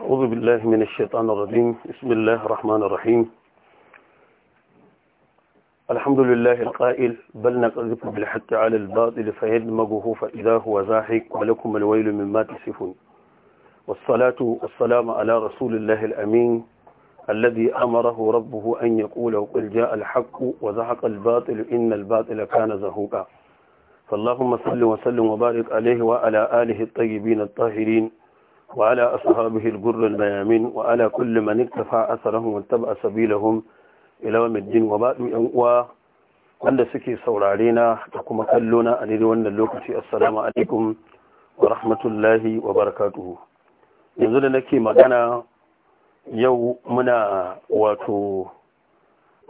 أعوذ بالله من الشيطان الرجيم بسم الله الرحمن الرحيم الحمد لله القائل بل نقذف بالحق على الباطل فيدمغه فإذا هو زاحق ولكم الويل مما تصفون والصلاة والسلام على رسول الله الأمين الذي أمره ربه أن يقول قل جاء الحق وزحق الباطل إن الباطل كان زهوقا فاللهم صل وسلم وبارك عليه وعلى آله الطيبين الطاهرين وعلى أصحابه الجر البيامين وعلى كل من اكتفى أثرهم واتبع سبيلهم إلى يوم الدين وبعد و wanda suke saurare na da kuma kallo na a daidai wannan lokaci assalamu alaikum wa rahmatullahi wa barakatuhu yanzu da nake magana yau muna wato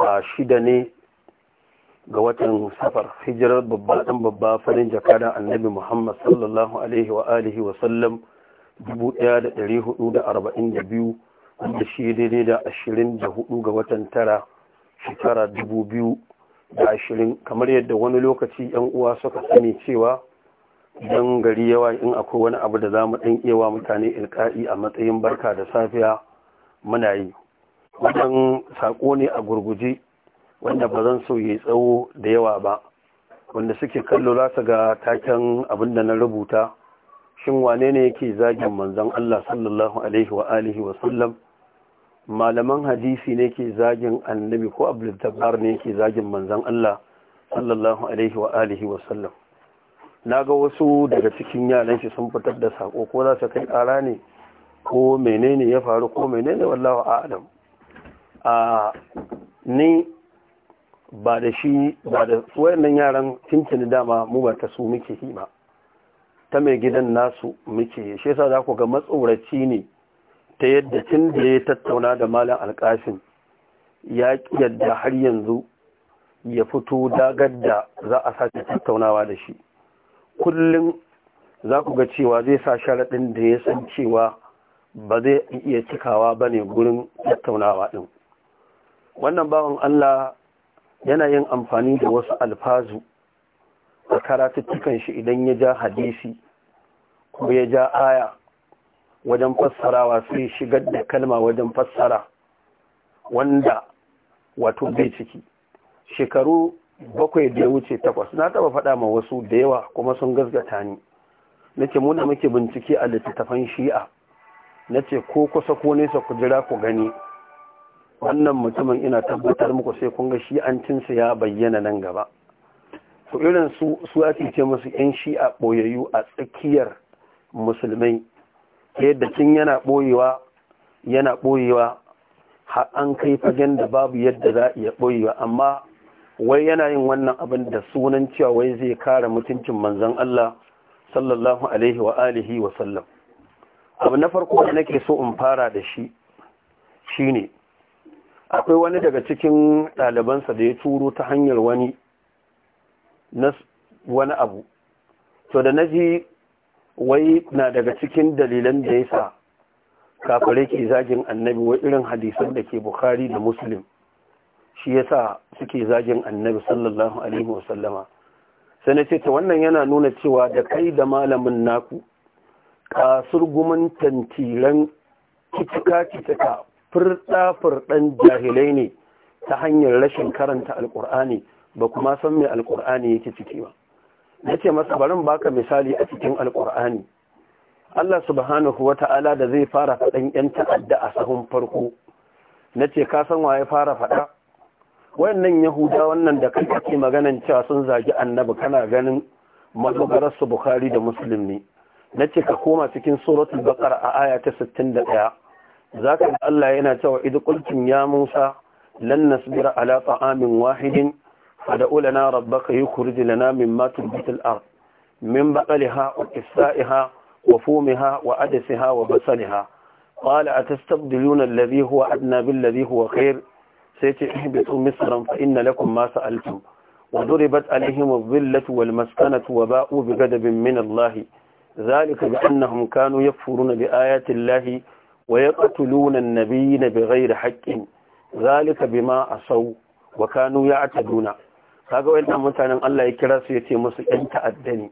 a shida ne ga watan safar hijirar babba dan babba farin jakada annabi muhammad sallallahu alaihi wa wa sallam 1442 wanda shi daidai da hudu ga watan tara shekara 2020 kamar yadda wani lokaci yan uwa suka sani cewa don gari yawa in akwai wani abu da za mu ɗan iya mutane ilka'i a matsayin barka da safiya muna yi wannan saƙo ne a gurguje wanda ba zan so ya tsawo da yawa ba wanda suke kallo za su ga taken abin da na rubuta shin wane ne yake zagin manzon Allah sallallahu alaihi wa alihi wa sallam malaman hadisi ne ke zagin annabi ko abdul tabbar ne ke zagin manzon Allah sallallahu alaihi wa alihi wa sallam naga wasu daga cikin yaran shi sun fitar da sako ko za su kai kara ne ko menene ya faru ko menene wallahu a'lam a ni ba da shi ba da wayannan yaran tinkin dama mu ba ta su muke hima ta mai gidan nasu muke shi yasa za ku ga matsoraci ne ta yadda tun da ya tattauna da malam alƙashin ya yadda har yanzu ya fito dagar da za a sake tattaunawa da shi kullum za ku ga cewa zai sa sharaɗin da ya san cewa ba zai iya cikawa ba ne gurin tattaunawa ɗin wannan bawan allah yana yin amfani da wasu alfazu a karatuttukan shi idan ya ja hadisi ko ya ja aya wajen fassarawa sai shigar da kalma wajen fassara wanda wato bai ciki shekaru bakwai da ya wuce takwas na taba faɗa ma wasu da yawa kuma sun gasgata ni na ce muna muke bincike a littattafan shi'a na ce ko kusa ko nesa ku jira ku gani wannan mutumin ina tabbatar muku sai kun ga shi'ancinsa ya bayyana nan gaba to irin su su ake ce musu yan shi'a ɓoyayyu a tsakiyar musulmai yadda kin yana ɓoyewa yana ɓoyewa har an kai fagen da babu yadda za a iya ɓoyewa amma wai yana yin wannan abin da sunan cewa wai zai kare mutuncin manzon Allah sallallahu alaihi wa alihi wa sallam abu na farko da nake so in fara da shi shine akwai wani daga cikin ɗalibansa da ya turo ta hanyar wani na wani abu to da naji wai na daga cikin dalilan da yasa kafare ke zagin annabi wa irin hadisan da ke bukhari da muslim shi yasa suke zagin annabi sallallahu alaihi wasallama sai na ce ta wannan yana nuna cewa da kai da malamin naku kasur gumin tantiran kitika kitika furɗa furɗan jahilai ne ta hanyar rashin karanta alkur'ani ba kuma san mai alkur'ani yake ciki ba na ce masa barin baka misali a cikin alkur'ani Allah subhanahu wa ta'ala da zai fara faɗan ‘yan ta'adda a sahun farko na ce ka san waye fara faɗa wayannan yahuda wannan da kai kake maganan cewa sun zagi annabi kana ganin madogarar su bukhari da muslim ne na ce ka koma cikin suratul baqara a aya ta 61 zaka Allah yana cewa idh qultum ya musa lan nasbira ala ta'amin wahidin فدعو لنا ربك يخرج لنا مما تنبت الأرض من بقلها وكسائها وفومها وعدسها وبصلها قال أتستبدلون الذي هو أدنى بالذي هو خير سيتحبطوا مصرا فإن لكم ما سألتم وضربت عليهم الظلة والمسكنة وباءوا بغضب من الله ذلك بأنهم كانوا يكفرون بآيات الله ويقتلون النبيين بغير حق ذلك بما عصوا وكانوا يعتدون kaga wayannan mutanen Allah ya kira su yace musu yan ta'adda ne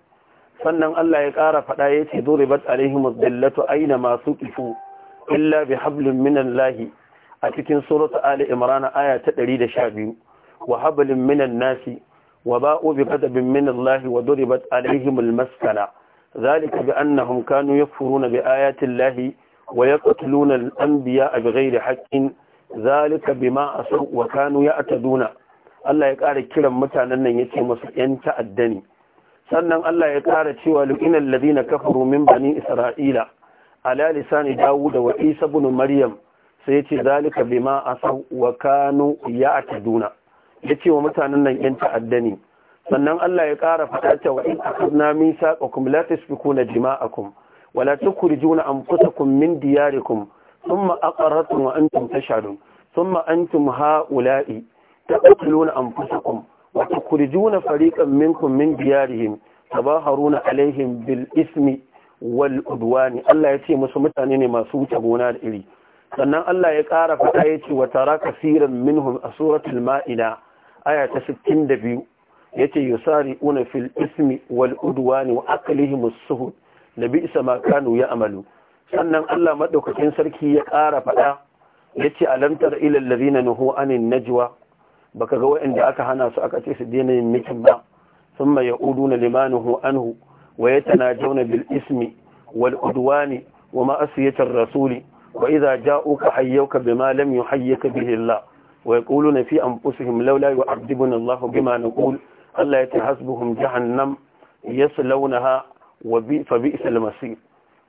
sannan Allah ya ƙara faɗa yace duribat alaihim ad aina ma suqifu illa bihablin minan lahi a cikin suratu ali imran aya ta 112 wa hablin minan nasi wa ba'u bi ghadabin minan lahi wa duribat alaihim al-maskana ذلك بأنهم كانوا يكفرون بآيات الله ويقتلون الأنبياء بغير حق ذلك بما أسوا وكانوا يعتدون Allah ya ƙara kiran mutanen nan ya ce masu ‘yan ta'adda ne, sannan Allah ya ƙara cewa lu'inan ladina kafaru min bani Isra'ila, ala lisani dawo da wa Isa Maryam sai ya ce zalika a sau wa kanu ya ataduna. Ya ce wa mutanen nan ‘yan ta'adda ne, sannan Allah ya ƙara faɗa ta wa in akadna min saqakum la tasfikuna dima'akum wa la tukhrijuna kun, min diyarikum thumma aqarratum wa antum tashhadun thumma antum ha'ula'i taqtuluna anfusakum wa tukhrijuna fariqan minkum min diyarihim tabaharuna alaihim bil ismi wal udwani Allah ya ce musu mutane ne masu wuce gona da iri sannan Allah ya ƙara fata ya ce wa tara kasiran minhum a suratul ma'ida aya ta 62 yace yusari'una fil ismi wal udwani wa aklihim as-suhud da ma kanu ya'malu sannan Allah madaukakin sarki ya ƙara faɗa yace alam tara ila na nuhu anin najwa baka ga wa'anda aka hana su aka ce su daina yin mikin ba sun mai ya udu na limanin hu'anhu wa ya tana jauna bil ismi wal uduwa ne wa ma'asiyatar rasuli wa iza ja'uka hayyauka bi malam yi hayyaka bi hillah wa ya kulu na fi an fusu him wa abdibin allahu na kulu allah ya ta hasbuhum jahannam ya su launa ha wa bi fa bi isa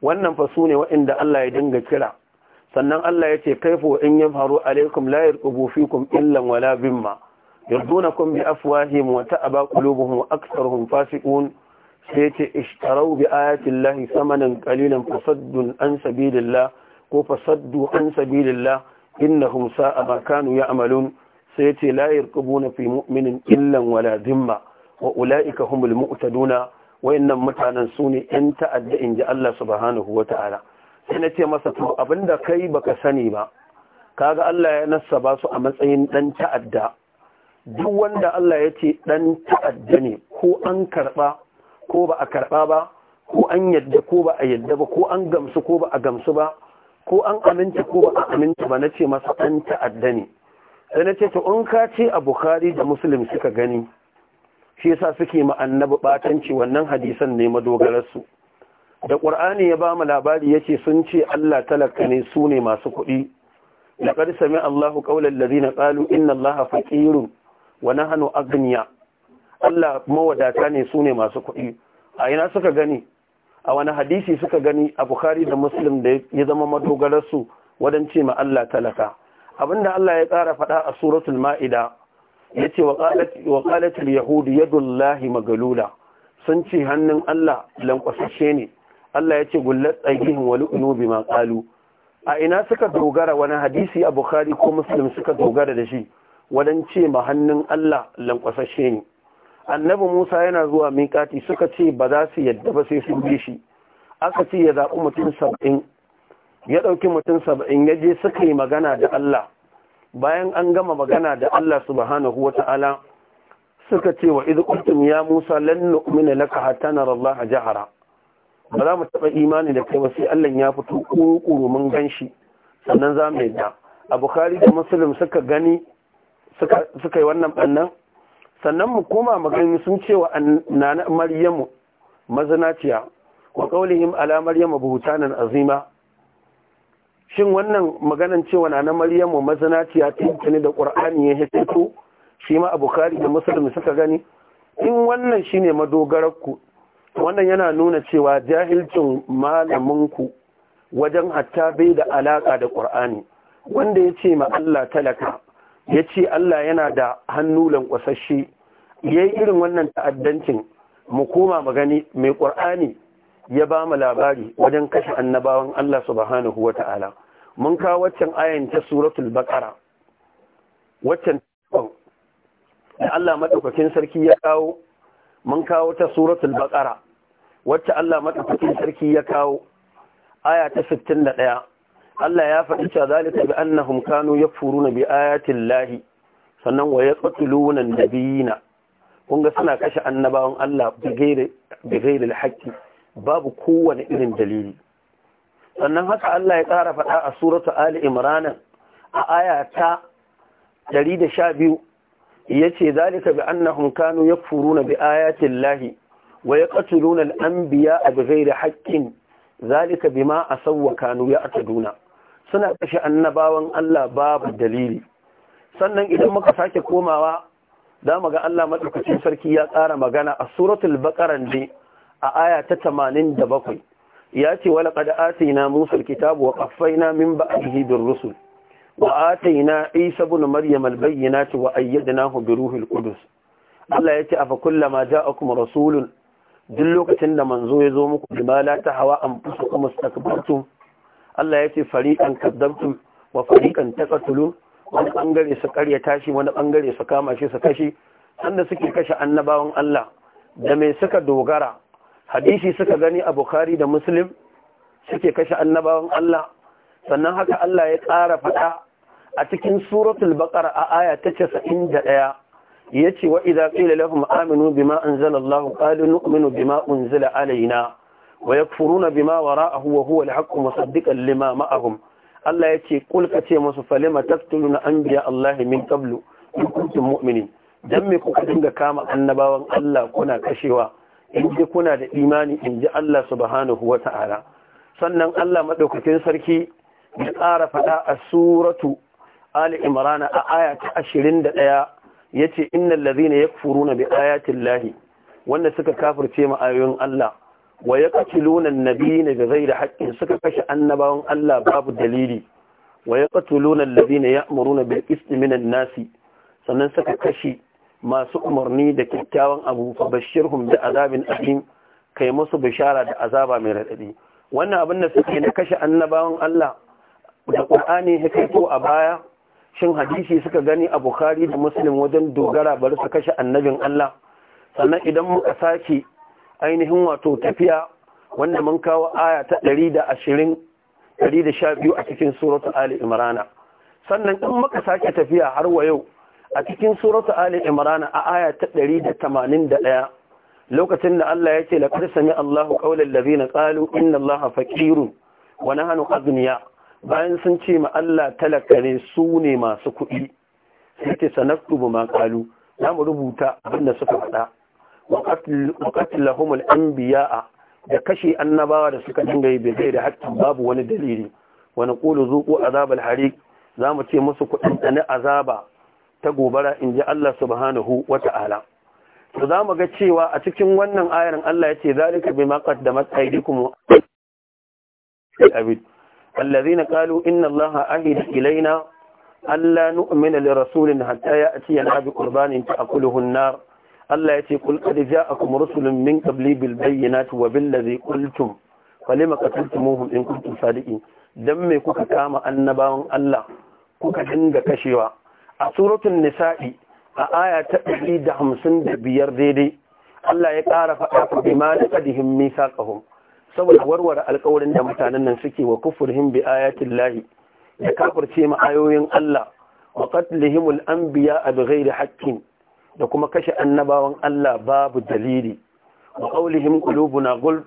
wannan fasu ne waɗanda allah ya dinga kira sannan Allah ya ce kaifu in faru alaikum la yarqubu fikum illan wala bimma yardunakum bi afwahihim wa ta'aba qulubuhum wa aktharuhum fasiqun sai ce ishtarau bi ayatin lahi samanin kalilan fasaddu an sabilillah ko fasaddu an sabilillah innahum sa'a ma kanu ya'malun sai ce la yarqubuna fi mu'minin illan wala dhimma wa ulaika humul mu'taduna wayannan mutanen sune yan ta'adda inji Allah subhanahu wata'ala sai na ce masa to abinda kai baka sani ba kaga Allah ya nassaba su a matsayin dan ta'adda duk wanda Allah ya ce dan ta'adda ne ko an karba ko ba a karba ba ko an yadda ko ba a yadda ba ko an gamsu ko ba a gamsu ba ko an aminta ko ba a aminta ba na ce masa dan ta'adda ne sai na ce to in ka ce a Bukhari da Muslim suka gani shi yasa suke ma annabi batanci wannan hadisan ne madogararsu su da ƙur'ani ya ba mu labari ya ce sun ce Allah talaka ne su ne masu kuɗi laƙar sami Allah ƙaular da zina ƙalu inna Allah faƙirun wa na hannu agniya Allah mawadata ne su ne masu kuɗi a ina suka gani a wani hadisi suka gani a Bukhari da Muslim da ya zama madogararsu wadan ce ma Allah talaka abinda Allah ya ƙara faɗa a suratul ma'ida ya ce wa ƙalatul yahudu yadullahi magalula sun ce hannun Allah lankwasashe ne Allah ya ce gullar tsayihin wani unubi ma ƙalu a ina suka dogara wani hadisi a Bukhari ko musulun suka dogara da shi wadan ce ma hannun Allah lankwasashe ne annabi Musa yana zuwa miƙati suka ce ba za su yadda ba sai sun bi shi aka ce ya zaɓi mutum saba'in ya ɗauki mutum saba'in ya je suka yi magana da Allah bayan an gama magana da Allah subhanahu wa ta'ala suka ce wa idu qultum ya Musa lan nu'mina laka hatta nara Allah jahara ba za mu taɓa imani da kai ba sai Allah ya fito ƙuru mun gan shi sannan za mu yadda a bukari da musulun suka gani suka yi wannan ɓannan sannan mu koma magani sun ce wa nana maryamu mazinaciya wa ƙaunihim ala maryamu buhutanan azima shin wannan maganan cewa nana maryamu mazinaciya ta ne da ƙur'ani ya hito shi ma a bukari da musulun suka gani in wannan shi ne madogararku wannan yana nuna cewa jahilcin malaminku wajen hatta bai da alaka da ƙur'ani wanda ya ce ma Allah talaka ya ce Allah yana da hannu lankwasashe ya yi irin wannan ta'addancin mu koma magani mai ƙur'ani ya ba mu labari wajen kashe annabawan Allah subhanahu wa ta'ala mun kawo waccan ayan ta suratul baqara waccan da Allah madaukakin sarki ya kawo mun kawo ta suratul baqara wacce Allah madaukakin sarki ya kawo aya ta 61 Allah ya faɗi cewa zalika bi annahum kanu yakfuruna bi ayati llahi sannan wa yaqtuluna nabiyina kun ga suna kashe annabawan Allah bi ghairi bi babu kowane irin dalili sannan haka Allah ya tsara faɗa a suratu Ali Imran a aya ta 112 ce zalika bi annahum kanu yakfuruna bi ayati llahi wa yaqtuluna al-anbiya bighairi haqqin zalika bima asawwa kanu ya'taduna suna kashe annabawan Allah babu dalili sannan idan muka sake komawa da mu ga Allah madaukakin sarki ya ƙara magana a suratul baqara ne a aya ta 87 yace wa laqad atina musa al-kitaba wa qaffayna min ba'dihi bir-rusul wa ataina isa ibn maryam al wa ayyadnahu bi ruhil qudus Allah yace afa kullama ja'akum rasulun duk lokacin da manzo ya zo muku bima hawa tahawa anfusukum mustakbartum Allah yace fariqan kadzabtum wa fariqan taqtulun wani bangare su karya tashi wani bangare su kama shi su kashi sanda suke kashe annabawan Allah da mai suka dogara hadisi suka gani a Bukhari da Muslim suke kashe annabawan Allah sannan haka Allah ya ƙara faɗa a cikin suratul baqara a aya ta 91 yace wa idza qila lahum aminu bima anzala Allah qalu nu'minu bima unzila alaina wa yakfuruna bima wara'ahu wa huwa al-haqqu musaddiqan lima ma'ahum Allah yace kul kace musu falima taqtuluna anbiya Allah min qablu in kuntum mu'minin dan me kuka dinga kama annabawan Allah kuna kashewa in ji kuna da imani in ji Allah subhanahu wa ta'ala sannan Allah madaukakin sarki ya ƙara faɗa a suratu Ali Imrana a aya ta ashirin da ɗaya ya ce innan lazina ya furu na bi ayatin lahi wanda suka kafirce ma'ayoyin Allah wa ya kaci lunan na da zai da haƙƙin suka kashe annabawan Allah babu dalili wa ya kaci lunan lazina ya amuru na bil nasi sannan suka kashe masu umarni da kyakkyawan abu fa da azabin alim kai musu bishara da azaba mai raɗaɗi wannan abin da suke na kashe annabawan Allah da ƙur'ani ya kai a baya shin hadisi suka gani a bukhari da muslim wajen dogara bari su kashe annabin allah sannan idan muka sake ainihin wato tafiya wanda mun kawo aya ta ɗari da ashirin ɗari da sha biyu a cikin suratu ali imrana sannan in muka sake tafiya har wa yau a cikin suratu ali imrana a aya ta ɗari da tamanin da ɗaya lokacin da Allah ya ce laqad sami Allahu qawlal ladhina qalu inna Allaha faqirun wa nahnu aghniya bayan sun ce ma Allah talaka ne su ne masu kuɗi sai ce sanaktubu ma makalu, za mu rubuta abinda suka faɗa wa qatlahum biya a. da kashe annabawa da suka dinga yi bai da haƙƙi babu wani dalili wani naqulu a azabal hari za mu ce musu kuɗin da azaba ta gobara in ji Allah subhanahu wa ta'ala to za mu ga cewa a cikin wannan ayarin Allah ya ce zalika bi qaddamat aydikum abid allazina qalu inna allaha ahida ilaina alla nu'mina li rasulin hatta ya'tiyana bi qurbanin ta'kuluhu an-nar Allah yace kul qad ja'akum rusulun min qabli bil bayyinati wa bil ladhi qultum falima qataltumuhum in kuntum sadiqin dan mai kuka kama annabawan Allah kuka dinga kashewa a suratul nisa'i a da hamsin da biyar daidai Allah ya ƙara faɗa fa bima laqadihim misaqahum saboda warware alƙawarin da mutanen nan suke wa kufurhim bi ayatin lahi da kafirce Allah wa qatlihim al-anbiya bi ghairi haqqin da kuma kashe annabawan Allah babu dalili wa qawlihim qulubuna gulf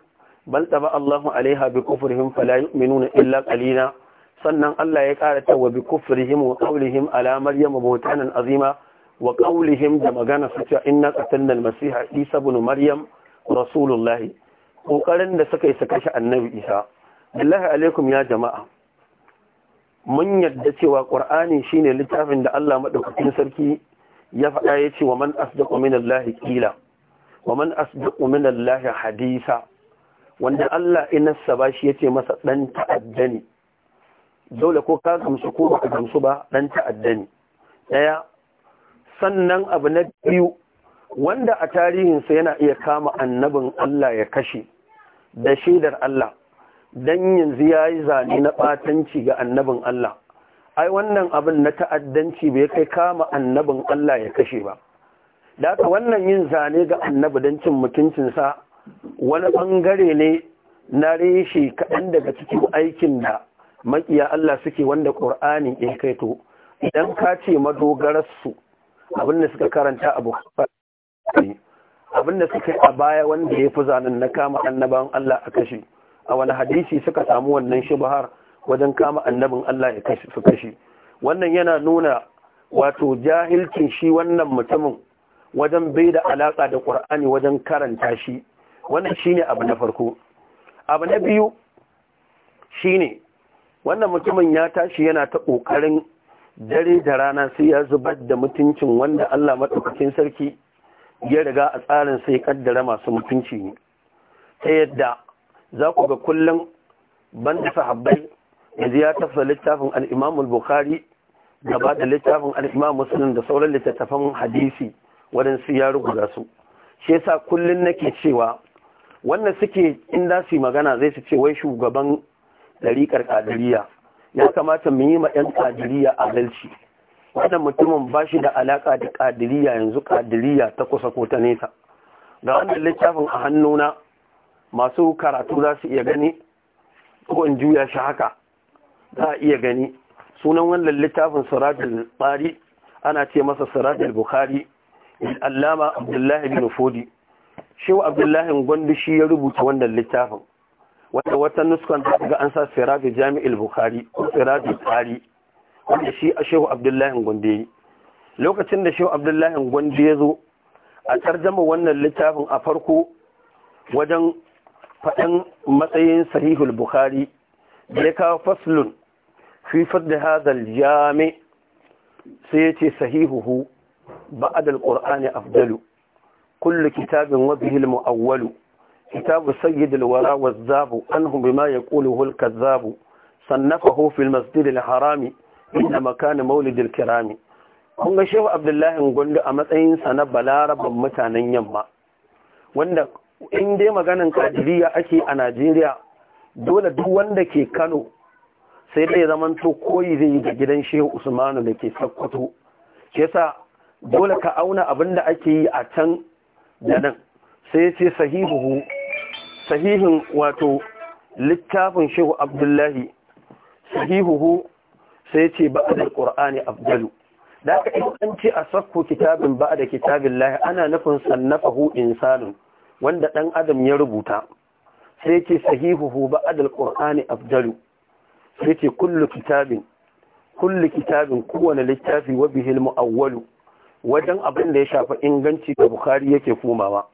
bal taba Allahu alaiha bi kufrihim fala yu'minuna illa qalila sannan Allah ya ƙara tawa bi kufrihim wa qawlihim ala maryam azima wa qawlihim da magana su cewa inna qatalna al-masiha isa ibn maryam rasulullahi ƙoƙarin da suka yi su kashe annabi isa billahi alaikum ya jama'a mun yadda cewa ƙur'ani shine littafin da Allah madaukakin sarki ya faɗa ya ce wa man asdaqu min qila wa man asdaqu min hadisa wanda Allah inassa ba shi yace masa dan ta'adda dole ko ka gamsu ko ba ka gamsu ba dan ta'adda ne daya sannan abu na biyu wanda a tarihinsa yana iya kama annabin Allah ya kashe da shaidar Allah dan yanzu yi zane na batanci ga annabin Allah ai wannan abin na ta'addanci bai kai kama annabin Allah ya kashe ba da haka wannan yin zane ga annabi don cin mutuncinsa wani ɓangare ne na reshe kaɗan daga cikin aikin da makiya Allah suke wanda ƙur'ani ya kai to idan ka ce madogararsu abin da suka karanta abu abinda suka yi a baya wanda ya fi zanen na kama annaban Allah a kashe a wani hadisi suka samu wannan shubahar wajen kama annabin Allah ya fi su kashe wannan yana nuna wato jahilcin shi wannan mutumin wajen bai da alaka da ƙwar'ani wajen karanta shi wannan shi ne abu na farko abu na biyu shi ne. wannan mutumin ya tashi yana ta ƙoƙarin dare da rana sai ya zubar da mutuncin wanda Allah madaukakin sarki ya riga a tsarin sai kaddara masu mutunci ne ta yadda za ku ga kullum banda sahabbai yanzu ya tafsa littafin al bukhari gaba da littafin al musulun da sauran littattafan hadisi waɗansu ya rubuta su shi yasa na nake cewa wannan suke in su yi magana zai su ce wai shugaban ɗariƙar ƙadiriya ya kamata mu yi ma 'yan ƙadiriya adalci wannan mutumin ba shi da alaka da kadiriya yanzu kadiriya ta kusa ko ta nesa ga wannan littafin a hannuna masu karatu za su iya gani ko in juya shi haka za a iya gani sunan wannan littafin siratul bari ana ce masa siratul bukhari allama abdullahi bin fodi shehu abdullahi gwandu shi ya rubuta wannan littafin wata wata nuskan ta ga an sa siratul jami'il bukhari ko siratul bari wanda shi a shehu abdullahi gwande lokacin da shehu abdullahi gwande ya zo a tarjama wannan littafin a farko wajen faɗin matsayin sahihul bukhari ya kawo faslun fifar da hadal jami sai ya ce sahihuhu ba'ad al-qur'ani afdalu kullu kitabin wa muawwalu kitabu sayyid wara waz-zabu anhum bima yaquluhu al-kazzabu sannafahu fi al harami inda makani maulidil kirami kun ga shehu abdullahi gondo a matsayin sa na balaraban mutanen yamma wanda in dai maganin kajiriya ake a najeriya dole duk wanda ke kano sai dai zaman to koyi zai yi da gidan shehu usmanu da ke sakkwato ke sa dole ka auna abin da ake yi a can da nan sai ce sahihu sahihin wato littafin shehu abdullahi sahihuhu sai ce ba'ad alqur'ani afdalu da aka ce a sakko kitabin ba'da kitabin lahi ana nufin sannafahu insanun wanda dan adam ya rubuta sai ce sahihuhu ba'ad alqur'ani afdalu sai ce kullu kitabin kullu kitabin kowane littafi wa bihi almuawwalu wajen abin da ya shafi inganci da bukhari yake komawa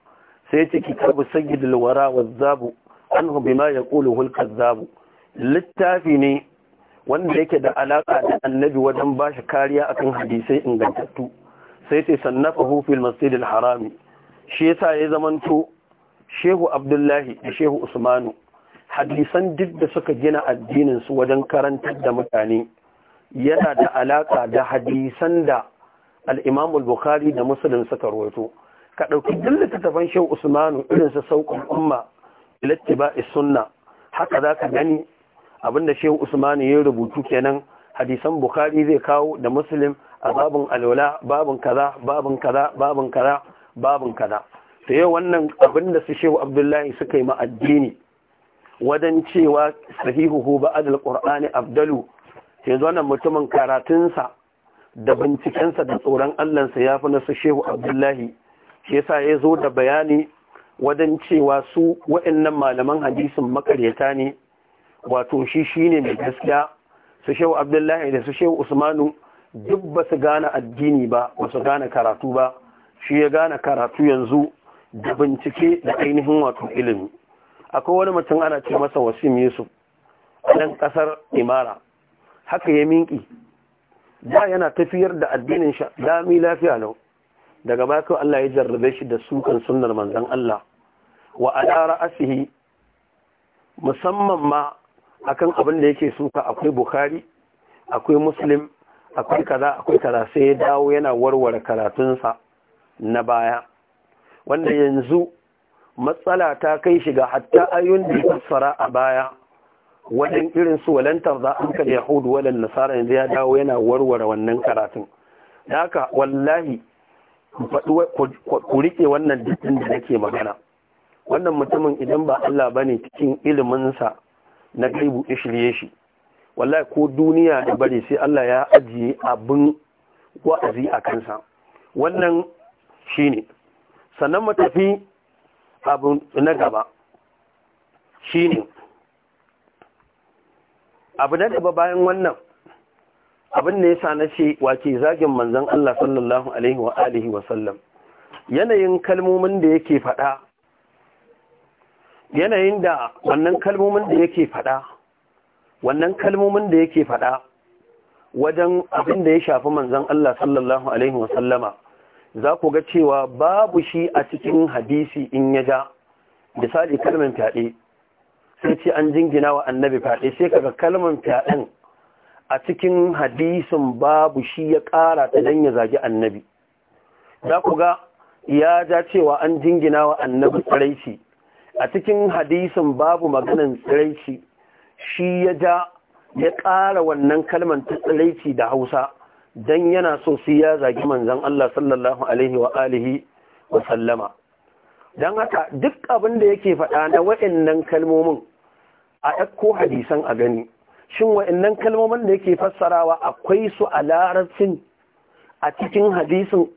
sai ce kitabu sayyidul wara wazzabu anhu bima yaquluhu alkazzabu littafi ne wanda yake da alaka da annabi wajen ba shi kariya akan hadisai ingantattu sai sai sannafa hufil masjidil harami shi yasa ya zamanto shehu abdullahi da shehu usmanu hadisan duk da suka gina addinin su wajen karantar da mutane yana da alaƙa da hadisan da al-imam bukhari da muslim suka rawaito ka dauki duk littattafan shehu usmanu irin su sauƙin umma ilattiba'i sunna haka zaka gani Abin da shehu usman ya rubutu kenan hadisan bukhari zai kawo da muslim a babin alwala babin kaza babin kaza babin kaza babin kaza to yau wannan abinda su shehu abdullahi suka yi ma addini wajen cewa sahihuhu adal qur'ani afdalu yanzu wannan mutumin karatunsa da bincikensa da tsoron Allahnsa ya fi nasu shehu abdullahi shi yasa ya zo da bayani wajen cewa su wa'annan malaman hadisin makaryata ne wato shi shine mai gaskiya su shehu abdullahi da su shehu usmanu duk ba su gane addini ba ba su gane karatu ba shi ya gane karatu yanzu da bincike da ainihin wato ilimi akwai wani mutum ana ce masa wasim yusuf ɗan ƙasar imara haka ya minki da yana tafiyar da addinin sha dami lafiya lau daga baka Allah ya jarrabe shi da sukan sunnar manzon Allah wa ala ra'asihi musamman ma akan abin da yake suka akwai bukhari akwai muslim akwai kaza akwai kaza sai ya dawo yana warware karatunsa na baya wanda yanzu matsala ta kai shiga hatta ayyun da fassara a baya wajen irin su walantar za an yahudu walan nasara yanzu ya dawo yana warware wannan karatun da haka wallahi ku rike wannan dukkan da nake magana wannan mutumin idan ba Allah bane cikin iliminsa na gaibu ya shirye shi wallahi ko duniya da bari sai Allah ya ajiye abin wa'azi a kansa wannan shine sannan matafi, tafi abu na gaba ne abu na gaba bayan wannan abin da yasa na ce wake zagin manzon Allah sallallahu alaihi wa alihi wa yanayin kalmomin da yake faɗa yanayin da wannan kalmomin da yake faɗa wannan kalmomin da yake faɗa wajen abin da ya shafi manzon Allah sallallahu alaihi wasallama za ku ga cewa babu shi a cikin hadisi in ya ja misali kalmar fyaɗe sai ce an jingina wa annabi fyaɗe sai kaga kalmar fyaɗen a cikin hadisin babu shi ya ƙara ta don ya zagi annabi za ku ga ya ja cewa an jingina wa annabi tsaraici a cikin hadisin babu maganan tsiraici shi ya ja ya ƙara wannan kalman ta tsiraici da hausa don yana so su ya zagi manzan Allah sallallahu alaihi wa alihi wa sallama don haka duk abin da yake faɗa na wa'annan kalmomin a ɗakko hadisan a gani shin wa'annan kalmomin da yake fassarawa akwai su a larabcin a cikin hadisin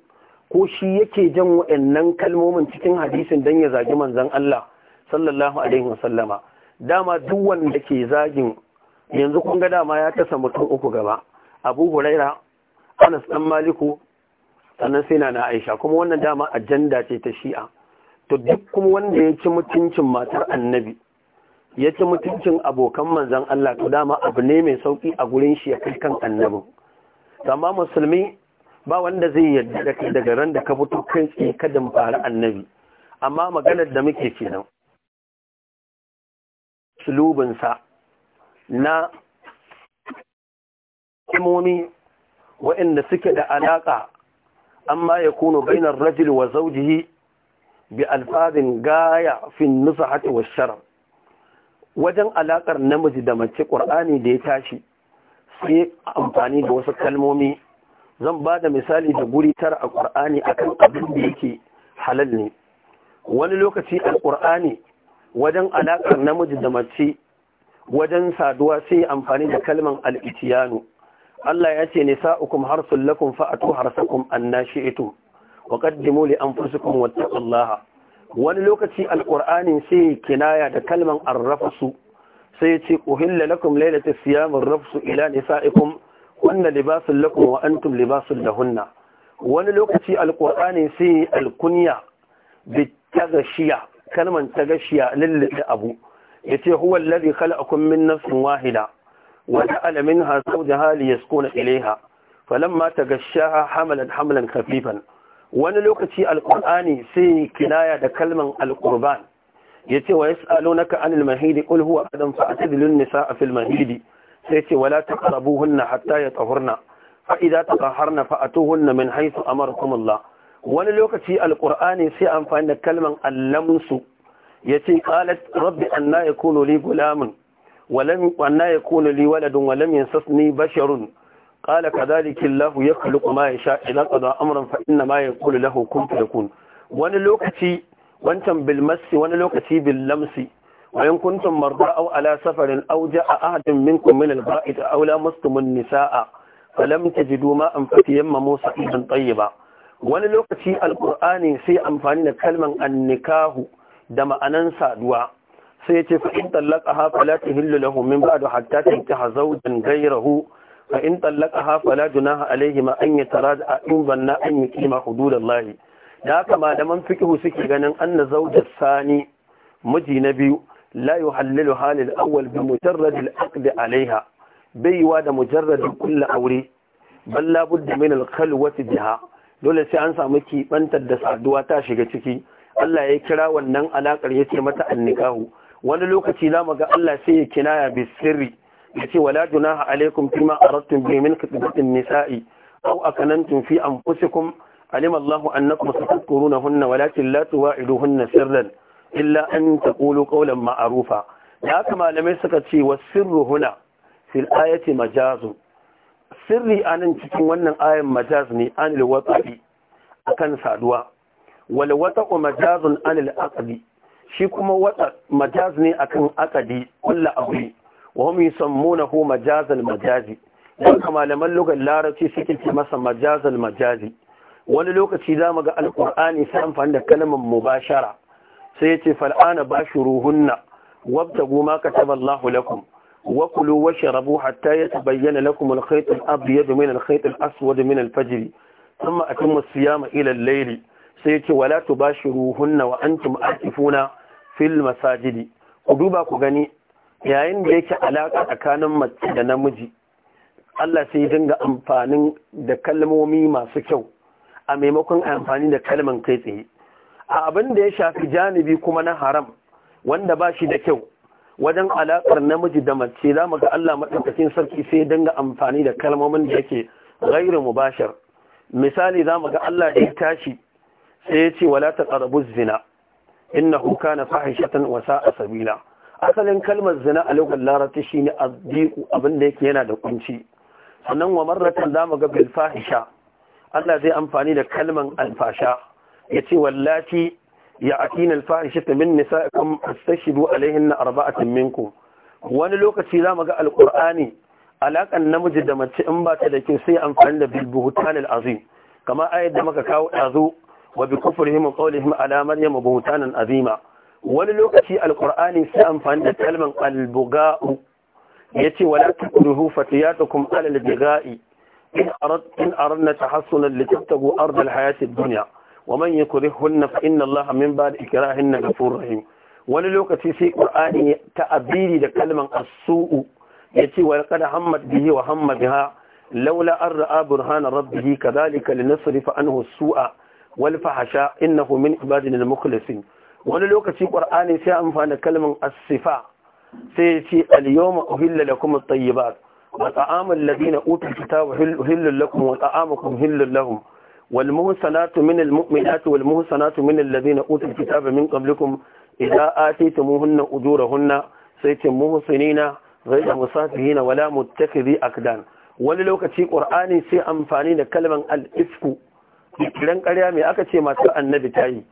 ko shi yake jan wa'annan kalmomin cikin hadisin don ya zagi manzan Allah sallallahu alaihi wasallama dama duk wanda ke zagin yanzu kun ga dama ya kasa mutum uku gaba abu huraira anas dan maliku sannan sai na aisha kuma wannan dama ajanda ce ta shi'a to duk kuma wanda ya ci mutuncin matar annabi ya ci mutuncin abokan manzon Allah to dama abu ne mai sauki a gurin shi ya kai kan annabin amma musulmi ba wanda zai yarda da kai daga ran da ka fito kai tsaye ka fara annabi amma maganar da muke kenan Sulubinsa na kimomi waɗanda suke da alaƙa amma ya kuno bainar rajil wa zaujihi bi alfazin gaya fin hati wa sharar. wajen alaƙar namiji da mace ƙur'ani da ya tashi sai amfani da wasu kalmomi zan ba da misali da guri tara a ƙur'ani akan abin da yake halal ne wani lokaci alƙur'ani wajen alaƙar namiji da mace wajen saduwa sai amfani da kalman al'itiyanu Allah ya ce nisa'ukum harsul lakum fa'atu harsakum annashi'tum wa qaddimu li anfusikum wattaqullaha wani lokaci alqur'ani sai kinaya da kalman arrafsu sai ya ce uhilla lakum laylatas siyamir rafsu ila nisa'ikum kunna libasul lakum wa antum libasul lahunna wani lokaci alqur'ani sai alkunya bitagashiya kalman ta gashiya lullube abu ya ce huwa lalli khala'akun min nafsin wahida hali ya minha ilaiha. Falon ma ta gasha hamalan hamalan kafifan. wani lokaci alqur'ani sai kinaya da kalman Ya yace wa yas'alunaka anil mahidi qul huwa adam fa'tadilun a fil mahidi sai yace wala taqrabuhunna hatta yatahurna fa idza taqaharna fa'atuhunna min haisu amarakum Allah wani lokaci alkur'ani sai amfani da kalman allamsu ya ce qalat rabbi anna yakunu li gulamun walam anna yakunu li waladun walam yansasni basharun qala kadhalika allah yakhluqu ma yasha idan qada amran fa inna ma yaqulu lahu kun fayakun wani lokaci wancan bil massi wani lokaci bil lamsi wa in kuntum marda aw ala safarin aw a ahadin minkum min al ba'id aw lamastum an nisaa falam tajidu ma an fatiyamma musa ibn tayyiba wani lokaci alkur'ani sai amfani da kalman annikahu da ma'anan saduwa sai yace fa in talaqaha fala tahillu lahu min ba'du hatta tankaha zawjan ghayrahu fa in talaqaha fala junaha alayhi ma an yataraja'a in banna an yuqima hududallahi da haka malaman fiqhu suke ganin anna zawjat sani miji na biyu la yuhallilu halil awwal bi mujarrad al-aqd alayha baiwa da mujarrad kulla aure balla budda min al-khalwati biha dole sai an samu kibantar da saduwa ta shiga ciki Allah ya kira wannan alakar ya ce mata annikahu wani lokaci za mu ga Allah sai ya kinaya bi sirri ya ce wala junaha alaikum fima aradtum bi min khitbatin nisa'i aw akanantum fi anfusikum alima Allahu annakum satadhkurunahunna walakin la tuwa'iduhunna sirran illa an taqulu qawlan ma'rufa Ya haka malamai suka ce wasirru huna fil ayati majazu sirri a nan cikin wannan ayan majaz ne anil watsafi kan saduwa wata ko majazun an ilakadi shi kuma wata majaz ne a akan aqdi kullu abri wa hum ko majazal majazi dan malaman lokacin larabci suke ce masa majazal majazi wani lokaci za mu ga Alƙur'ani sai amfani da kalmar mubashara sai ya yace fal'ana ba goma ka taba kataballahu lakum وكلوا واشربوا حتى يتبين لكم الخيط الأبيض من الخيط الأسود من الفجر ثم أتموا الصيام إلى الليل سيتي ولا تباشروهن وأنتم آتفون في المساجد قدوبا كغني yayin da yake alaƙa tsakanin mace da namiji Allah sai dinga amfani da kalmomi masu kyau a maimakon amfani da kalman kai tsaye a abin da ya shafi janibi kuma na haram wanda ba shi da kyau wajen alaƙar namiji da mace za mu ga Allah maɗaukacin sarki sai dinga amfani da kalmomin da yake mu mubashir misali za mu ga Allah da ya tashi sai ya ce wala taqrabu zina innahu kana fahishatan wasa a sabila asalin kalmar zina a lokacin larabci shine addiqu abin da yake yana da kunci sannan wa marratan za mu ga bil fahisha Allah zai amfani da kalmar alfasha ya ce wallati ya atina alfahishata min nisa'ikum fastashidu alaihinna arba'atin minkum wani lokaci zamu ga alqur'ani alakan namiji da mace in ba ta da kyau sai amfani da bil azim alazim kama ayat da muka kawo dazu wa bi kufrihim qawlihim ala maryam buhtanan azima wani lokaci alqur'ani sai amfani da kalman albuga'u yace wala tukrihu fatiyatukum ala albiga'i in aradna tahassunan litabtagu ardal hayatid dunya wa man yakrihunna fa inna Allah min ba'di ikrahinna na rahim wani lokaci sai qur'ani abiri da kalman as-su'u yace wa laqad hammat bihi wa hamma biha laula an ra'a burhana rabbihi kadhalika linasrifa anhu as-su'a wal fahsha innahu min ibadina al-mukhlasin wani lokaci qur'ani sai amfana kalman as-sifa sai yace al-yawma uhilla lakum at-tayyibat wa ta'amul ladina utul kitaba hillul lakum wa ta'amukum hillul lahum والمحصنات من المؤمنات والمحصنات من الذين أوتوا الكتاب من قبلكم إذا آتيتموهن أجورهن سيتم محصنين غير مصافحين ولا متخذي أكدان wani lokaci ƙur'ani sai amfani da kalman al'ifku kiran ƙarya mai aka ce masu annabi ta yi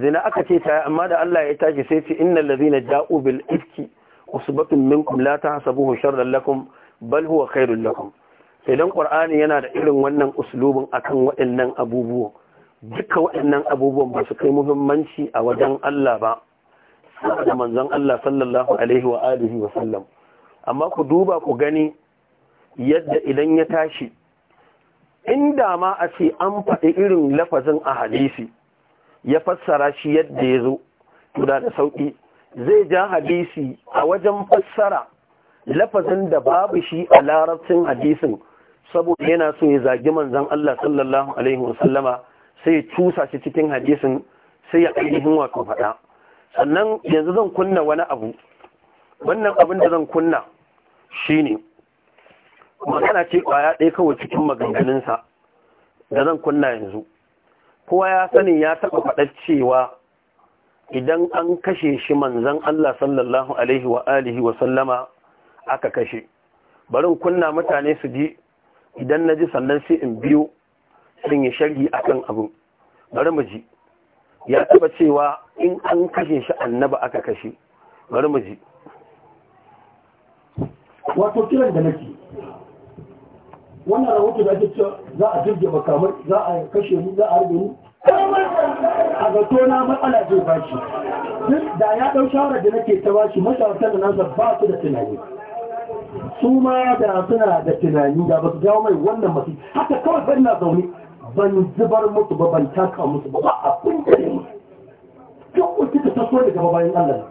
zina aka ce ta yi amma da Allah ya tashi sai ce innal ladhina ja'u bil ifki usbatun minkum la tahsabuhu lakum bal kairin lakum idan ƙur'ani yana da irin wannan uslubin akan waɗannan abubuwan duka waɗannan abubuwan ba su kai muhimmanci a wajen Allah ba da manzon Allah sallallahu alaihi wa alihi wa sallam amma ku duba ku gani yadda idan ya tashi inda ma a ce an faɗi irin lafazin a hadisi ya fassara shi yadda ya zo guda da sauƙi zai ja hadisi a wajen fassara lafazin da babu shi a larabcin hadisin saboda yana so ya zagi manzon Allah sallallahu alaihi wasallama sai ya cusa shi cikin hadisin sai ya ainihin wato faɗa sannan yanzu zan kunna wani abu wannan abin da zan kunna shine magana ce kwaya ɗaya kawai cikin maganganunsa da zan kunna yanzu kowa ya sani ya taɓa faɗa cewa idan an kashe shi manzan Allah sallallahu alaihi wa alihi wa sallama aka kashe barin kunna mutane su ji idan na ji sannan sai in biyo sun yi sharhi a kan abin bari mu ji ya taba cewa in an kashe shi annaba aka kashe bari mu ji wato kiran da nake wannan rahoto da ake cewa za a jirge makamai za a kashe mu za a harbe mu a ga tona matsala zai bashi duk da ya ɗau shawarar da nake ta bashi mashawartar da nasa ba su da tunani Suma da suna da tunani da basu su mai wannan masu haka kawai ban na zaune ban zubar musu ba ban taka musu ba ba abin da ne duk wasu ta taso gaba bayan Allah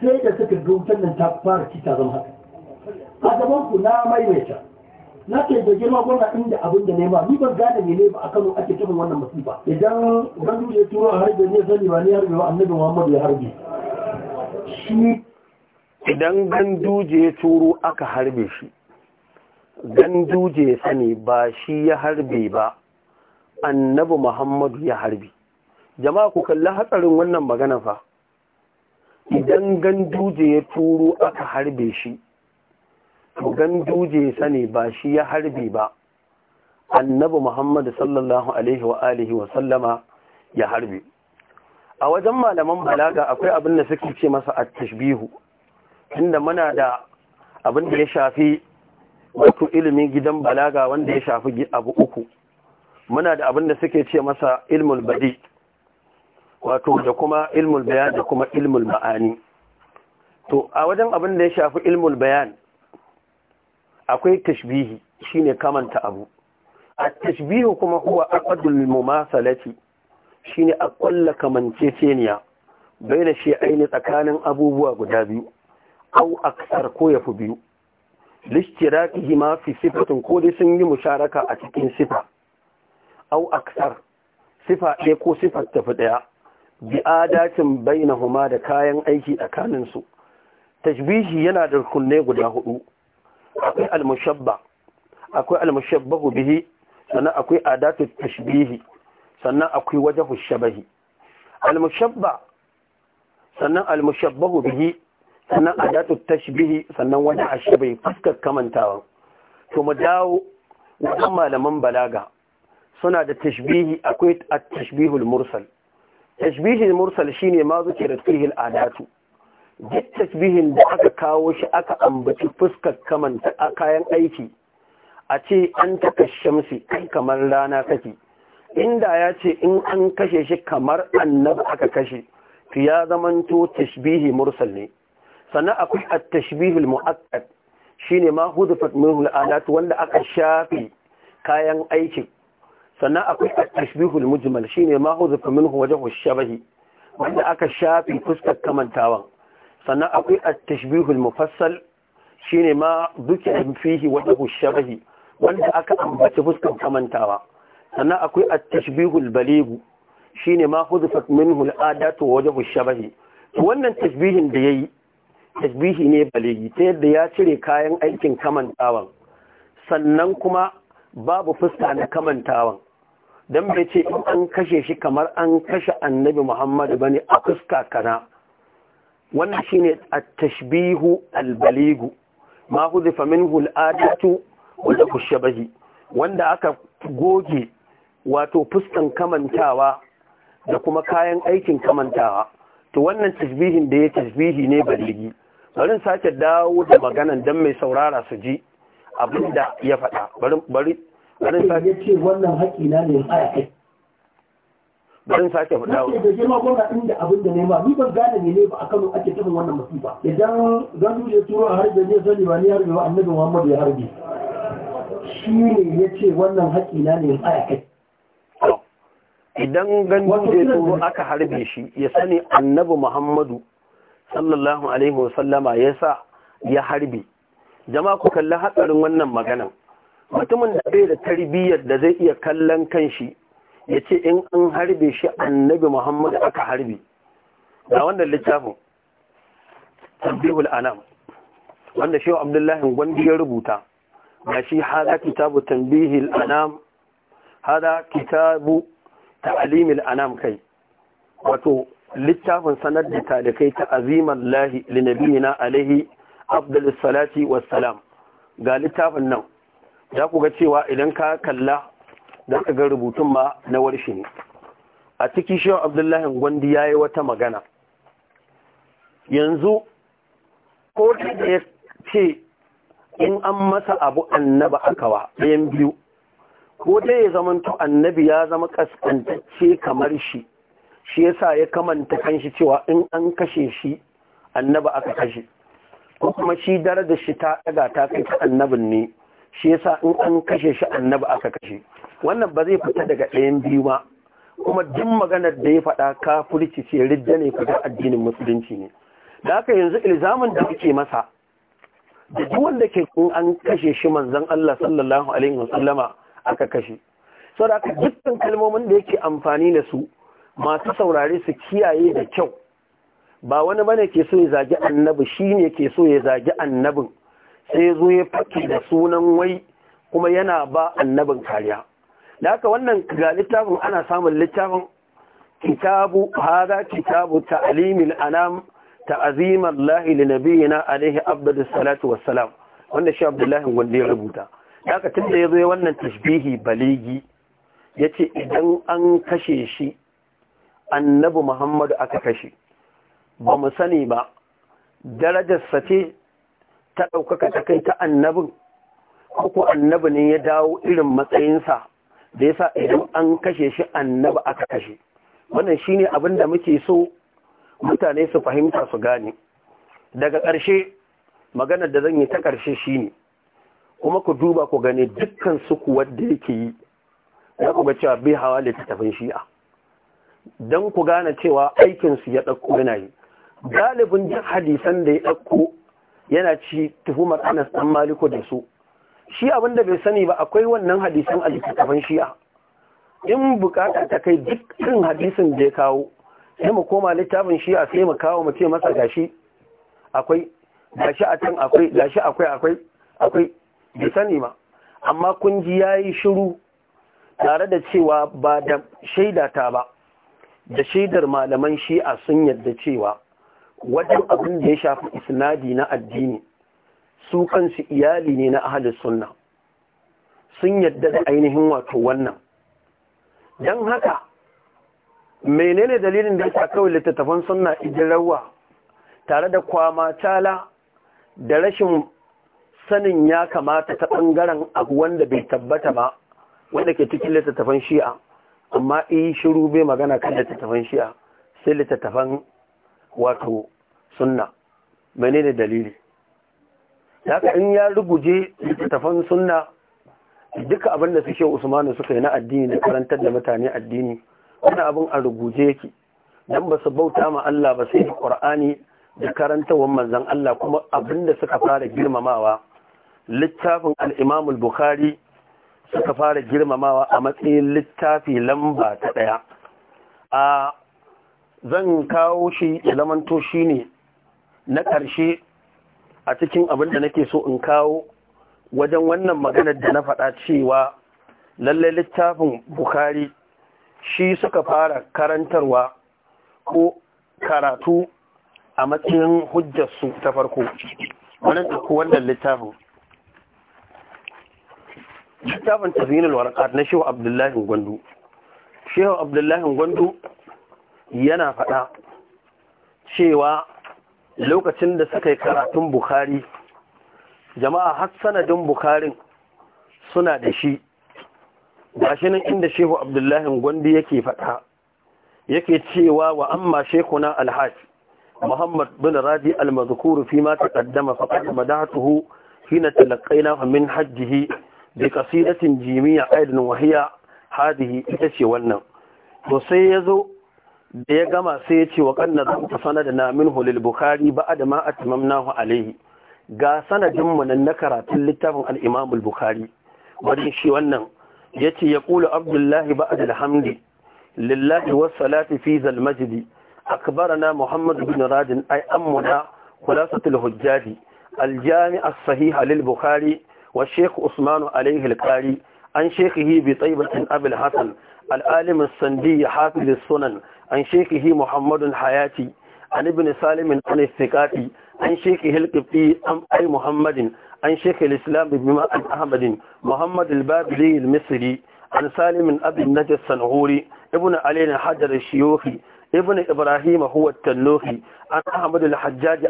sai da suka ga wutar nan ta fara ci ta zama haka a gaban ku na maimaita na ke da girma gwamna inda abin da nema ni ban gane ne ba a Kano ake kiran wannan musiba idan ban ya turo a harbe ne yi ba ni harbe ba annabi Muhammadu ya harbe shi idan ganduje ya turo aka harbe shi ganduje ya sani ba shi ya harbe ba annabi muhammadu ya harbe jama'a ku kalli hatsarin wannan magana fa idan ganduje ya turo aka harbe shi to ganduje ya sani ba shi ya harbe ba annabi muhammadu sallallahu alaihi wa alihi wa sallama ya harbe a wajen malaman balaga akwai abin da suke ce masa at-tashbihu inda muna da abin da ya shafi wato ilimin gidan balaga wanda ya shafi abu uku muna da abin da suke ce masa ilmul badi wato da kuma ilmul bayan da kuma ilmul ma'ani to a wajen abin da ya shafi ilmul bayan akwai tashbihi shine kamanta abu a tashbihu kuma huwa aqdul mumasalati shine a kamance kamanceceniya bai da shi aini tsakanin abubuwa guda biyu au aksar ko ya fi biyu lishtiraki ma fi sifatin ko dai sun yi musharaka a cikin sifa au aksar sifa ɗaya ko sifar tafi ɗaya bi adacin bainahuma da kayan aiki tsakaninsu tashbihi yana da kunne guda hudu akwai almushabba akwai almushabbahu bihi sannan akwai adatu tashbihi sannan akwai wajahu shabahi almushabba sannan almushabbahu bihi sannan adatu tashbihi sannan wani bai fuskar kamantawa to mu dawo wajen malaman balaga suna da tashbihi akwai a tashbihul mursal tashbihul mursal shine ma zuke da a adatu duk tashbihin da aka kawo shi aka ambaci fuskar kamanta a kayan aiki a ce an taka shamsi kai kamar rana kake inda ya ce in an kashe shi kamar annabi aka kashe to ya zamanto tashbihi mursal ne sannan akwai at-tashbihul mu'akkad shine ma hudufat minhu al-alat wanda aka shafi kayan aikin sannan akwai at-tashbihul mujmal shine ma hudufa minhu wajhu shabahi wanda aka shafi fuskar kamantawan sannan akwai at-tashbihul mufassal shine ma duka fihi wajhu shabahi wanda aka ambaci fuskar kamantawa sannan akwai at-tashbihul baligu shine ma hudufat minhu al-adatu wajhu shabahi wannan tashbihin da ya yi. tasbihi ne baligi ta yadda ya cire kayan aikin kamantawan sannan kuma babu fuska na kamantawan don bai ce in an kashe shi kamar an kashe annabi muhammadu bane a fuska kana wannan shine a tashbihu albaligu ma huzifa hul'adatu al'adatu wanda kushabahi wanda aka goge wato fuskan kamantawa da kuma kayan aikin kamantawa to wannan tasbihin da ya tasbihi ne baligi bari sake dawo da maganan dan mai saurara su ji abin da ya faɗa bari bari bari sake ce wannan haƙi na ne a kai bari sake faɗa wa da girma ko ga inda abin da ne ma ni ban gane ne ne ba akan ake tafin wannan masifa. idan zan ya turo har harbe ne sani ba ni harbe ba annabi Muhammad ya harbe shi ne ya ce wannan haƙi na ne a kai idan gandun zai tsoro aka harbe shi ya sani annabi muhammadu sallallahu alaihi wasallama ya sa ya harbe jama'a ku kalli hatsarin wannan magana mutumin da bai da tarbiyyar da zai iya kallon kanshi ya ce in an harbe shi annabi muhammadu aka harbe ga wannan littafin tabbihul anam wanda shehu abdullahi gwandi ya rubuta ga shi hada kitabu tambihil anam hada kitabu ta'alimil anam kai wato littafin sanar da talikai ta azimar lahi linabiyina alaihi abdul salati wassalam ga littafin nan za ku ga cewa idan ka kalla za ka ga rubutun ma na warshi ne a ciki shi abdullahi gwandi ya yi wata magana yanzu ko ta ce in an masa abu annaba akawa ɗayan biyu ko dai ya zama to annabi ya zama kaskantacce kamar shi shi yasa ya kamanta kanshi cewa in an kashe shi annabi aka kashe ko kuma shi darajar shi ta daga ta kai ta annabin ne shi yasa in an kashe shi annabi aka kashe wannan ba zai fita daga ɗayan biyu ba kuma duk maganar da ya faɗa kafirci ce ridda ne fita addinin musulunci ne da haka yanzu ilzamin da muke masa da duk wanda ke in an kashe shi manzon Allah sallallahu alaihi wasallama aka kashe saboda aka dukkan kalmomin da yake amfani da su masu saurare su kiyaye da kyau ba wani bane ke so ya zagi annabi shine ke so ya zagi annabin sai ya zo ya fake da sunan wai kuma yana ba annabin kariya da haka wannan ga littafin ana samun littafin kitabu hada kitabu ta'limil anam ta'zim Allah alaihi abdus salatu wassalam wanda shi Abdullahi Gwande ya rubuta haka tun da ya zo wannan tasbihi baligi ya ce idan an kashe shi annabi muhammadu aka kashe ba mu sani ba darajarsa ce ta ɗaukaka ta kai ta annabin ko annabi ne ya dawo irin matsayinsa da yasa idan an kashe shi annabi aka kashe wannan shine abin da muke so mutane su fahimta su gane daga ƙarshe maganar da zan yi ta ƙarshe shine kuma ku duba ku gani dukkan suku wadda yake yi ya ku cewa bai hawa littattafin shi'a don ku gane cewa aikinsu ya ɗauko yana yi galibin jin hadisan da ya ɗauko yana ci tuhumar anas ɗan maliko da su shi abin da bai sani ba akwai wannan hadisan a littattafan shi'a in bukata ta kai dukkan hadisin da ya kawo sai mu koma littafin shi'a sai mu kawo mu ce masa gashi akwai gashi a can akwai gashi akwai akwai akwai bai sani ba amma kun ji yi shiru tare da cewa ba da shaidata ba da shaidar malaman shi'a sun yadda cewa wajen abin da ya shafi isnadi na addini su kansu iyali ne na ahalin sunna sun yadda da ainihin wato wannan don haka menene dalilin da ya kawai littattafan sunna rawa tare da kwama tala da rashin sanin ya kamata ta ɓangaren abu wanda bai tabbata ba wanda ke cikin littattafan shi'a amma iya shiru bai magana kan littattafan shi'a sai littattafan wato sunna menene dalili ka in ya ruguje littattafan sunna duka abin da suke usmanu suka yi na addini da karantar da mutane addini wani abin a ruguje yake don ba su bauta ma Allah ba sai da da karantawan manzon Allah kuma abin da suka fara girmamawa littafin al'imamul bukhari suka fara girmamawa a matsayin littafi lamba ta ɗaya a zan kawo shi ilamanto shi ne na ƙarshe a cikin abin da nake so in kawo wajen wannan maganar da na faɗa cewa lalle littafin bukhari shi suka fara karantarwa ko karatu a matsayin hujjarsu ta farko wannan wannan littafin littafin na warqat na shehu abdullahi gwandu shehu abdullahi gwandu yana faɗa cewa lokacin da suka yi karatun bukhari jama'a har sanadin bukharin suna da shi ba shi nan inda shehu abdullahi Gwandu yake faɗa yake cewa wa amma na alhaj muhammad bin raji almazkuru fi ma taqaddama faqad madatuhu hina talaqaynahu min hajjihi bi qasidatin jimiya aidan wahiya hadihi ita ce wannan to sai zo da ya gama sai ya ce wa kanna zan ta sanada na minhu lil bukhari ba'da ma atmamnahu alayhi ga sanadin mu nan na karatun littafin al bukari. al wani shi wannan yace ya kula abdullahi ba'da alhamdi lillahi was salati na muhammad bin radin محمد بن راد أي أمنا خلاصة الهجاج الجامع الصحيح للبخاري wa sheikh usmanu alaihi alqari an shaykhihi bi taibatin abul hasan al-alim as sunan an shaykhihi muhammadun hayati an ibn salim an istiqati an shaykhihi al-qibti am ay an shaykh al-islam ibn ahmad muhammad al-babili al-misri an salim abi najd as-sanhuri ibn ali al-hajar al-shiyuhi ابن إبراهيم هو التلوخي عن أحمد الحجاج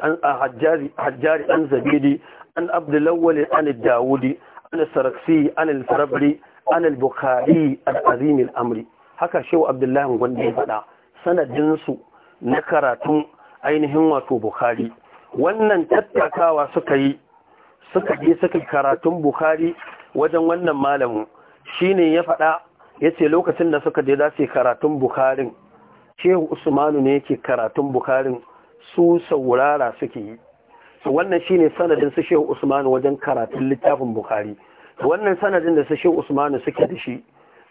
عن عبد الاول عن الداودي عن السرقسي عن الفربري عن البخاري العظيم الأمر haka shehu abdullahi gwanda ya faɗa sanadinsu na karatun ainihin wato bukhari wannan tattakawa suka yi suka je suka karatun bukhari wajen wannan malamu shine ya faɗa ya ce lokacin da suka je za su yi karatun bukharin shehu usmanu ne yake karatun bukharin su saurara suke yi wannan shine sanadin su Shehu Usman wajen karatun littafin Bukhari wannan sanadin da su Shehu Usman suke da shi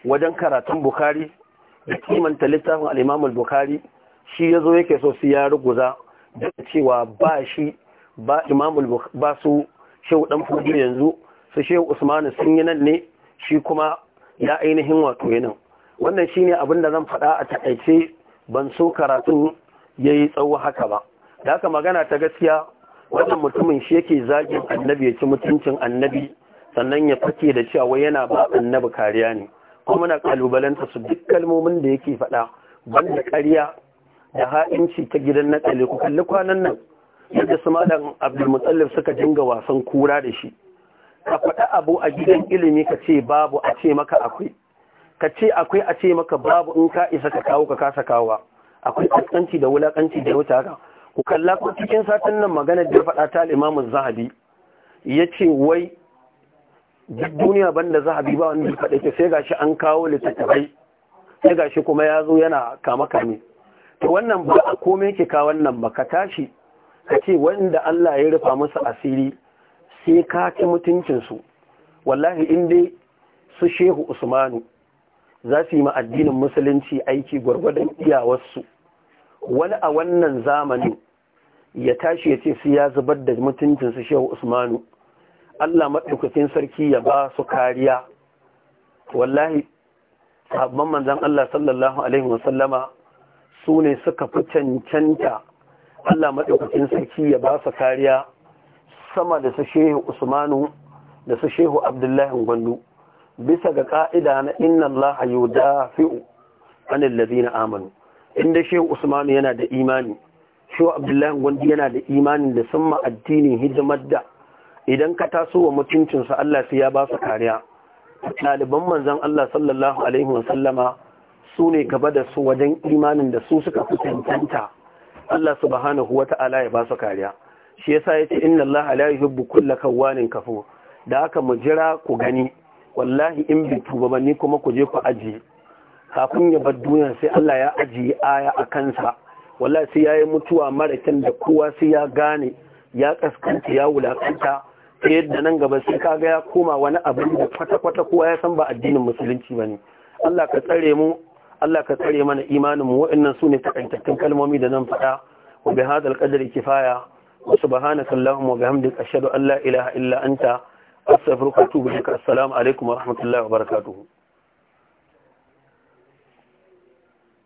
wajen karatun Bukhari da kimanta littafin al-Imam al-Bukhari shi yazo yake so su ya ruguza da cewa ba shi ba Imam ba su Shehu dan Fudu yanzu su Shehu Usman sun yi nan ne shi kuma ya ainihin wato yanan wannan shine abin da zan faɗa a takaice ban so karatun yayi tsawo haka ba da haka magana ta gaskiya wannan mutumin shi yake zagin annabi ya ci mutuncin annabi sannan ya fake da cewa wai yana ba annabi kariya ne kuma na kalubalanta su duk kalmomin da yake faɗa banda ƙarya da ha'inci ta gidan na ƙale ku kalli kwanan nan yadda su malam abdulmutallif suka dinga wasan kura da shi ka faɗa abu a gidan ilimi ka ce babu a ce maka akwai ka ce akwai a ce maka babu in ka isa ka kawo ka kasa kawa akwai tsakanci da wulakanci da wuta haka ku kalla ku cikin satin nan maganar da faɗa ta al'imamun zahabi ya ce wai duk duniya banda zahabi ba wani faɗa ke sai gashi an kawo littattafai sai gashi kuma ya zo yana kama kame to wannan ba a komai ke ka wannan ba ka tashi ka ce wanda Allah ya rufa musu asiri sai ka ci mutuncinsu wallahi in dai su shehu usmanu za su yi ma addinin musulunci aiki gwargwadon iyawarsu wani a wannan zamanin ya tashi ya ce sai ya zubar da mutuncinsu shehu usmanu Allah maɗaukakin sarki ya ba su kariya wallahi sahabban manzan Allah sallallahu alaihi wasallama su ne suka fi cancanta Allah maɗaukakin sarki ya ba su kariya sama da su shehu usmanu da su shehu abdullahi gwandu bisa ga ƙa'ida na inna Allah yudafi'u anil ladina amanu inda shehu usmanu yana da imani shehu abdullahi wanda yana da imani da sun addinin hidimar da idan ka taso wa mutuncinsu Allah sai ya ba su kariya ɗaliban manzan Allah sallallahu alaihi wasallama su ne gaba da su wajen imanin da su suka fi tantanta Allah subhanahu wa ta'ala ya ba su kariya shi yasa yace inna Allah la yuhibbu kulla kawanin kafur da haka mu jira ku gani wallahi in bi tuba kuma ku je ku ajiye kafin ya bar duniya sai Allah ya ajiye aya a kansa wallahi sai yayi mutuwa mara kyan da kowa sai ya gane ya kaskanta ya wulakanta ta yadda nan gaba sai kaga ya koma wani abu da kwata-kwata kowa ya san ba addinin musulunci bane Allah ka tsare mu Allah ka tsare mana imanin mu wa'annan sune takaitattun kalmomi da zan faɗa wa bi hadal qadri kifaya wa subhanaka allahumma wa bihamdika ashhadu an la ilaha illa anta astaghfiruka wa atubu ilaik assalamu alaikum wa rahmatullahi wa barakatuh